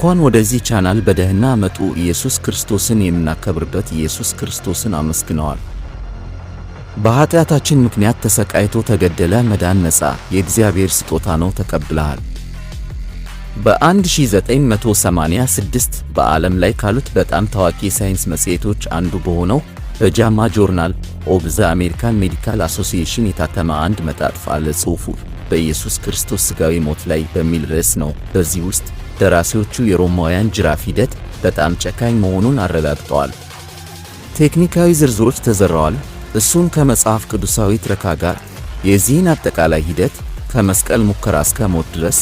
እንኳን ወደዚህ ቻናል በደህና መጡ። ኢየሱስ ክርስቶስን የምናከብርበት ኢየሱስ ክርስቶስን አመስግነዋል። በኃጢአታችን ምክንያት ተሰቃይቶ ተገደለ። መዳን ነፃ የእግዚአብሔር ስጦታ ነው። ተቀብለሃል። በ1986 በዓለም ላይ ካሉት በጣም ታዋቂ የሳይንስ መጽሔቶች አንዱ በሆነው በጃማ ጆርናል ኦብ ዘ አሜሪካን ሜዲካል አሶሲዬሽን የታተመ አንድ መጣጥፍ አለ። ጽሑፉ በኢየሱስ ክርስቶስ ሥጋዊ ሞት ላይ በሚል ርዕስ ነው። በዚህ ውስጥ ደራሲዎቹ የሮማውያን ጅራፍ ሂደት በጣም ጨካኝ መሆኑን አረጋግጠዋል። ቴክኒካዊ ዝርዝሮች ተዘረዋል። እሱን ከመጽሐፍ ቅዱሳዊ ትረካ ጋር የዚህን አጠቃላይ ሂደት ከመስቀል ሙከራ እስከ ሞት ድረስ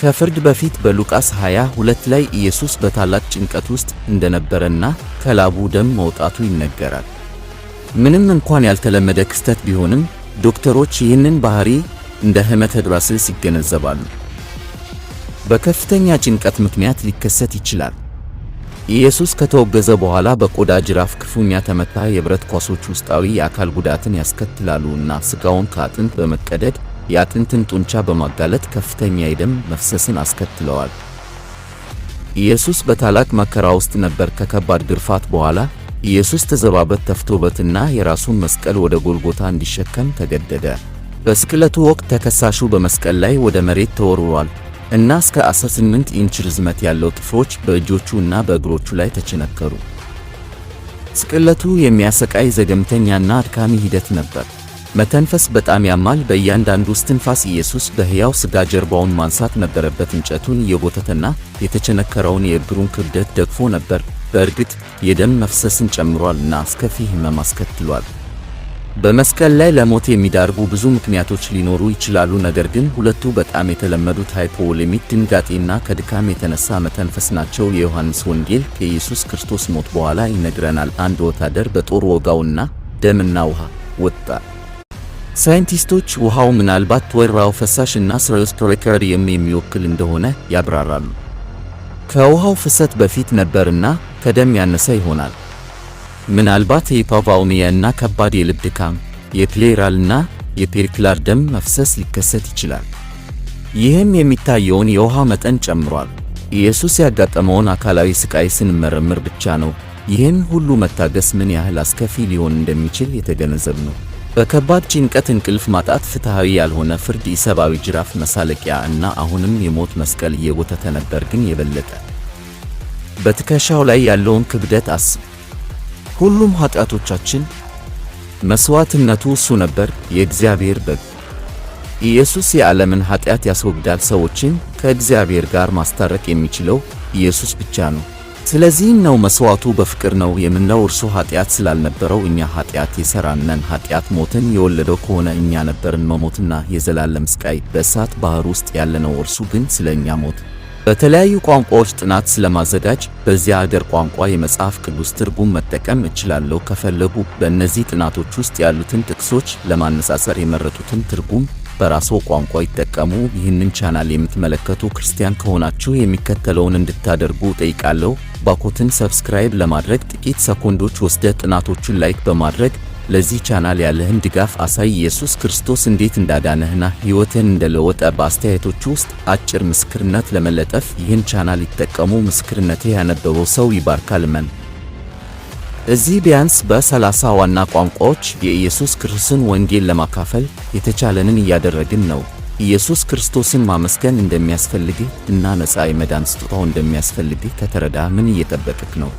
ከፍርድ በፊት በሉቃስ 22 ላይ ኢየሱስ በታላቅ ጭንቀት ውስጥ እንደነበረና ከላቡ ደም መውጣቱ ይነገራል። ምንም እንኳን ያልተለመደ ክስተት ቢሆንም ዶክተሮች ይህንን ባህሪ እንደ ሕመተ ይገነዘባሉ። በከፍተኛ ጭንቀት ምክንያት ሊከሰት ይችላል። ኢየሱስ ከተወገዘ በኋላ በቆዳ ጅራፍ ክፉኛ ተመታ። የብረት ኳሶች ውስጣዊ የአካል ጉዳትን ያስከትላሉ እና ስጋውን ከአጥንት በመቀደድ የአጥንትን ጡንቻ በማጋለጥ ከፍተኛ የደም መፍሰስን አስከትለዋል። ኢየሱስ በታላቅ መከራ ውስጥ ነበር። ከከባድ ግርፋት በኋላ ኢየሱስ ተዘባበት ተፍቶበትና የራሱን መስቀል ወደ ጎልጎታ እንዲሸከም ተገደደ። በስቅለቱ ወቅት ተከሳሹ በመስቀል ላይ ወደ መሬት ተወርውሯል። እና እስከ 18 ኢንች ርዝመት ያለው ጥፍሮች በእጆቹ እና በእግሮቹ ላይ ተቸነከሩ። ስቅለቱ የሚያሰቃይ ዘገምተኛና አድካሚ ሂደት ነበር። መተንፈስ በጣም ያማል። በእያንዳንዱ እስትንፋስ ኢየሱስ በሕያው ሥጋ ጀርባውን ማንሳት ነበረበት። እንጨቱን እየጎተተና የተቸነከረውን የእግሩን ክብደት ደግፎ ነበር። በእርግጥ የደም መፍሰስን ጨምሯል እና አስከፊ ሕመም አስከትሏል። በመስቀል ላይ ለሞት የሚዳርጉ ብዙ ምክንያቶች ሊኖሩ ይችላሉ። ነገር ግን ሁለቱ በጣም የተለመዱት ሃይፖቮሊሚክ ድንጋጤና ከድካም የተነሳ መተንፈስ ናቸው። የዮሐንስ ወንጌል ከኢየሱስ ክርስቶስ ሞት በኋላ ይነግረናል። አንድ ወታደር በጦር ወጋውና ደምና ውሃ ወጣ። ሳይንቲስቶች ውሃው ምናልባት ወይራው ፈሳሽ እና ስረስቶሬከሪየም የሚወክል እንደሆነ ያብራራሉ። ከውሃው ፍሰት በፊት ነበርና ከደም ያነሰ ይሆናል። ምናልባት የሂፖቫውሚያና ከባድ የልብ ድካም፣ የፕሌራልና የፔሪክላር ደም መፍሰስ ሊከሰት ይችላል። ይህም የሚታየውን የውሃ መጠን ጨምሯል። ኢየሱስ ያጋጠመውን አካላዊ ስቃይ ስንመረምር ብቻ ነው ይህን ሁሉ መታገስ ምን ያህል አስከፊ ሊሆን እንደሚችል የተገነዘብ ነው። በከባድ ጭንቀት፣ እንቅልፍ ማጣት፣ ፍትሃዊ ያልሆነ ፍርድ፣ ኢሰብአዊ ጅራፍ መሳለቂያ እና አሁንም የሞት መስቀል እየጎተተ ነበር። ግን የበለጠ በትከሻው ላይ ያለውን ክብደት አስብ። ሁሉም ኃጢአቶቻችን መሥዋዕትነቱ እሱ ነበር። የእግዚአብሔር በግ ኢየሱስ የዓለምን ኃጢአት ያስወግዳል። ሰዎችን ከእግዚአብሔር ጋር ማስታረቅ የሚችለው ኢየሱስ ብቻ ነው። ስለዚህም ነው መሥዋዕቱ በፍቅር ነው የምንለው። እርሱ ኃጢአት ስላልነበረው እኛ ኃጢአት የሠራነን ኃጢአት ሞትን የወለደው ከሆነ እኛ ነበርን መሞትና የዘላለም ስቃይ በእሳት ባሕር ውስጥ ያለነው። እርሱ ግን ስለ እኛ ሞት በተለያዩ ቋንቋዎች ጥናት ስለማዘጋጅ በዚያ አገር ቋንቋ የመጽሐፍ ቅዱስ ትርጉም መጠቀም እችላለሁ። ከፈለጉ በእነዚህ ጥናቶች ውስጥ ያሉትን ጥቅሶች ለማነጻጸር የመረጡትን ትርጉም በራስዎ ቋንቋ ይጠቀሙ። ይህንን ቻናል የምትመለከቱ ክርስቲያን ከሆናችሁ የሚከተለውን እንድታደርጉ ጠይቃለሁ። ባኮትን ሰብስክራይብ ለማድረግ ጥቂት ሰኮንዶች ወስደ ጥናቶቹን ላይክ በማድረግ ለዚህ ቻናል ያለህን ድጋፍ አሳይ። ኢየሱስ ክርስቶስ እንዴት እንዳዳነህና ህይወትን እንደለወጠ በአስተያየቶች ውስጥ አጭር ምስክርነት ለመለጠፍ ይህን ቻናል ይጠቀሙ። ምስክርነትህ ያነበበው ሰው ይባርካል። መን እዚህ ቢያንስ በሰላሳ ዋና ቋንቋዎች የኢየሱስ ክርስቶስን ወንጌል ለማካፈል የተቻለንን እያደረግን ነው። ኢየሱስ ክርስቶስን ማመስገን እንደሚያስፈልግህ እና ነፃ የመዳን ስጦታው እንደሚያስፈልግህ ከተረዳ ምን እየጠበቅክ ነው?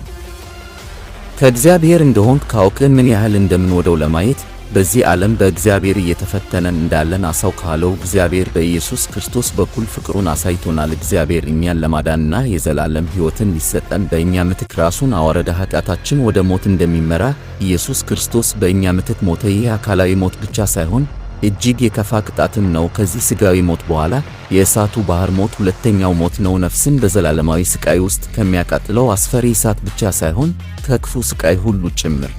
ከእግዚአብሔር እንደሆንክ ካውቅ ምን ያህል እንደምንወደው ለማየት በዚህ ዓለም በእግዚአብሔር እየተፈተነን እንዳለን አሳው ካለው እግዚአብሔር በኢየሱስ ክርስቶስ በኩል ፍቅሩን አሳይቶናል። እግዚአብሔር እኛን ለማዳንና የዘላለም ሕይወትን ሊሰጠን በእኛ ምትክ ራሱን አዋረደ። ኃጢአታችን ወደ ሞት እንደሚመራ ኢየሱስ ክርስቶስ በእኛ ምትክ ሞተ። ይህ አካላዊ ሞት ብቻ ሳይሆን እጅግ የከፋ ቅጣትም ነው። ከዚህ ስጋዊ ሞት በኋላ የእሳቱ ባህር ሞት ሁለተኛው ሞት ነው። ነፍስን በዘላለማዊ ስቃይ ውስጥ ከሚያቃጥለው አስፈሪ እሳት ብቻ ሳይሆን ከክፉ ስቃይ ሁሉ ጭምር።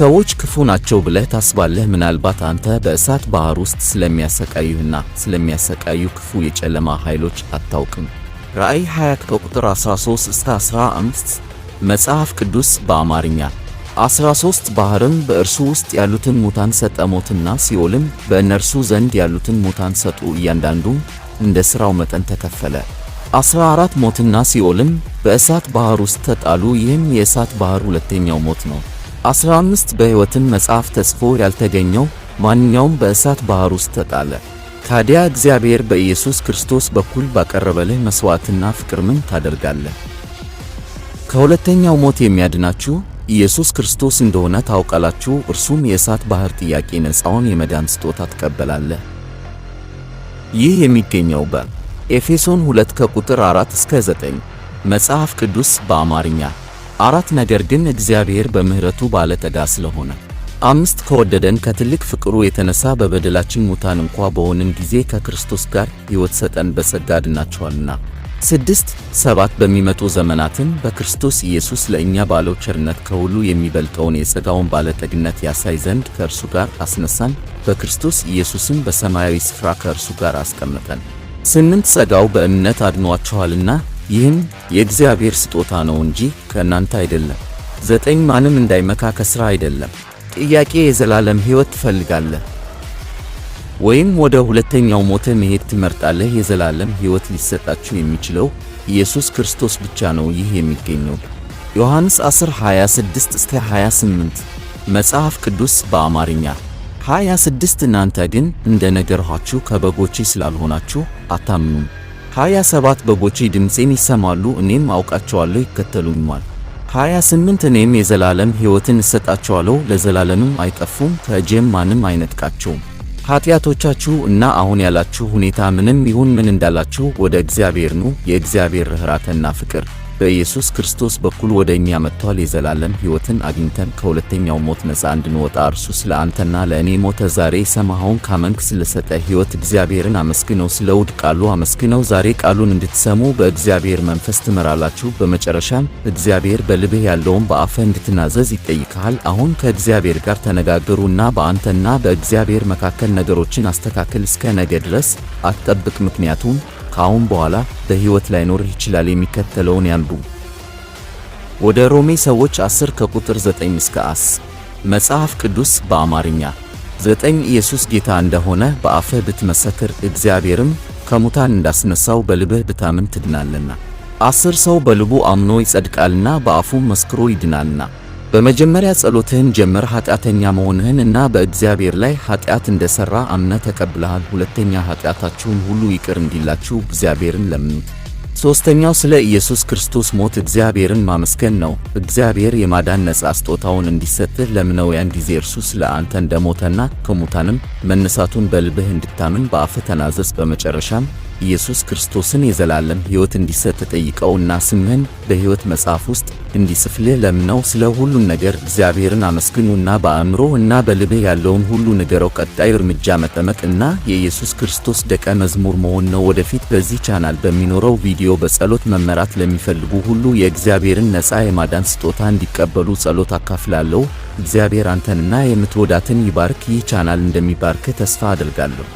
ሰዎች ክፉ ናቸው ብለህ ታስባለህ። ምናልባት አንተ በእሳት ባህር ውስጥ ስለሚያሰቃዩህና ስለሚያሰቃዩ ክፉ የጨለማ ኃይሎች አታውቅም። ራእይ 20 ከቁጥር 13 እስከ 15 መጽሐፍ ቅዱስ በአማርኛ 13 ባህርም በእርሱ ውስጥ ያሉትን ሙታን ሰጠ፣ ሞትና ሲኦልም በእነርሱ ዘንድ ያሉትን ሙታን ሰጡ፣ እያንዳንዱም እንደ ሥራው መጠን ተከፈለ። 14 ሞትና ሲኦልም በእሳት ባህር ውስጥ ተጣሉ። ይህም የእሳት ባህር ሁለተኛው ሞት ነው። 15 በሕይወትም መጽሐፍ ተጽፎ ያልተገኘው ማንኛውም በእሳት ባህር ውስጥ ተጣለ። ታዲያ እግዚአብሔር በኢየሱስ ክርስቶስ በኩል ባቀረበልህ መሥዋዕትና ፍቅር ምን ታደርጋለህ? ከሁለተኛው ሞት የሚያድናችሁ ኢየሱስ ክርስቶስ እንደሆነ ታውቃላችሁ። እርሱም የእሳት ባህር ጥያቄ ነፃውን የመዳን ስጦታ ትቀበላለህ። ይህ የሚገኘው በኤፌሶን 2 ከቁጥር 4 እስከ 9 መጽሐፍ ቅዱስ በአማርኛ አራት ነገር ግን እግዚአብሔር በምሕረቱ ባለጠጋ ስለሆነ አምስት ከወደደን ከትልቅ ፍቅሩ የተነሳ በበደላችን ሙታን እንኳ በሆንን ጊዜ ከክርስቶስ ጋር ሕይወት ሰጠን በጸጋ ድናችኋልና ስድስት ሰባት በሚመጡ ዘመናትን በክርስቶስ ኢየሱስ ለእኛ ባለው ቸርነት ከሁሉ የሚበልጠውን የጸጋውን ባለጠግነት ያሳይ ዘንድ ከእርሱ ጋር አስነሳን፣ በክርስቶስ ኢየሱስም በሰማያዊ ስፍራ ከእርሱ ጋር አስቀመጠን። ስምንት ጸጋው በእምነት አድኗችኋልና ይህም የእግዚአብሔር ስጦታ ነው እንጂ ከእናንተ አይደለም። ዘጠኝ ማንም እንዳይመካ ከሥራ አይደለም። ጥያቄ የዘላለም ሕይወት ትፈልጋለህ? ወይም ወደ ሁለተኛው ሞተ መሄድ ትመርጣለህ? የዘላለም ሕይወት ሊሰጣችሁ የሚችለው ኢየሱስ ክርስቶስ ብቻ ነው። ይህ የሚገኘው ዮሐንስ 10:26-28 መጽሐፍ ቅዱስ በአማርኛ 26 እናንተ ግን እንደ ነገርኋችሁ ከበጎቼ ስላልሆናችሁ አታምኑም። 27 በጎቼ ድምፄን ይሰማሉ፣ እኔም አውቃቸዋለሁ፣ ይከተሉኛል። 28 እኔም የዘላለም ሕይወትን እሰጣቸዋለሁ፣ ለዘላለምም አይጠፉም፣ ከእጄም ማንም አይነጥቃቸውም። ኃጢአቶቻችሁ እና አሁን ያላችሁ ሁኔታ ምንም ይሁን ምን እንዳላችሁ ወደ እግዚአብሔር ኑ። የእግዚአብሔር ርኅራኄና ፍቅር በኢየሱስ ክርስቶስ በኩል ወደ እኛ መጥቷል። የዘላለም ሕይወትን አግኝተን ከሁለተኛው ሞት ነፃ እንድንወጣ እርሱ ስለ አንተና ለእኔ ሞተ። ዛሬ ሰማኸውን ካመንክ ስለሰጠ ሕይወት እግዚአብሔርን አመስግነው። ስለ ውድ ቃሉ አመስግነው። ዛሬ ቃሉን እንድትሰሙ በእግዚአብሔር መንፈስ ትመራላችሁ። በመጨረሻም እግዚአብሔር በልብህ ያለውን በአፈ እንድትናዘዝ ይጠይቅሃል። አሁን ከእግዚአብሔር ጋር ተነጋገሩና በአንተና በእግዚአብሔር መካከል ነገሮችን አስተካክል። እስከ ነገ ድረስ አትጠብቅ፣ ምክንያቱም ከአሁን በኋላ በሕይወት ላይኖር ይችላል። የሚከተለውን ያንዱ ወደ ሮሜ ሰዎች 10 ከቁጥር 9 እስከ 10 መጽሐፍ ቅዱስ በአማርኛ ዘጠኝ ኢየሱስ ጌታ እንደሆነ በአፍህ ብትመሰክር እግዚአብሔርም ከሙታን እንዳስነሳው በልብህ ብታምን ትድናለና። አስር ሰው በልቡ አምኖ ይጸድቃልና በአፉ መስክሮ ይድናልና። በመጀመሪያ ጸሎትህን ጀምር። ኃጢአተኛ መሆንህን እና በእግዚአብሔር ላይ ኃጢአት እንደሰራ አምነ ተቀብለሃል። ሁለተኛ ኃጢአታችሁን ሁሉ ይቅር እንዲላችሁ እግዚአብሔርን ለምኑት። ሦስተኛው ስለ ኢየሱስ ክርስቶስ ሞት እግዚአብሔርን ማመስገን ነው። እግዚአብሔር የማዳን ነጻ ስጦታውን እንዲሰጥህ ለምነው። ያን ጊዜ እርሱ ስለ አንተ እንደሞተና ከሙታንም መነሳቱን በልብህ እንድታምን በአፍህ ተናዘዝ። በመጨረሻም ኢየሱስ ክርስቶስን የዘላለም ሕይወት እንዲሰጥ እና ስምህን በሕይወት መጽሐፍ ውስጥ እንዲጽፍልህ ለምነው። ስለ ሁሉም ነገር እግዚአብሔርን አመስግኑና በአእምሮ እና በልብህ ያለውን ሁሉ ንገረው። ቀጣይ እርምጃ መጠመቅ እና የኢየሱስ ክርስቶስ ደቀ መዝሙር መሆን ነው። ወደፊት በዚህ ቻናል በሚኖረው ቪዲዮ በጸሎት መመራት ለሚፈልጉ ሁሉ የእግዚአብሔርን ነጻ የማዳን ስጦታ እንዲቀበሉ ጸሎት አካፍላለሁ። እግዚአብሔር አንተንና የምትወዳትን ይባርክ። ይህ ቻናል እንደሚባርክህ ተስፋ አድርጋለሁ።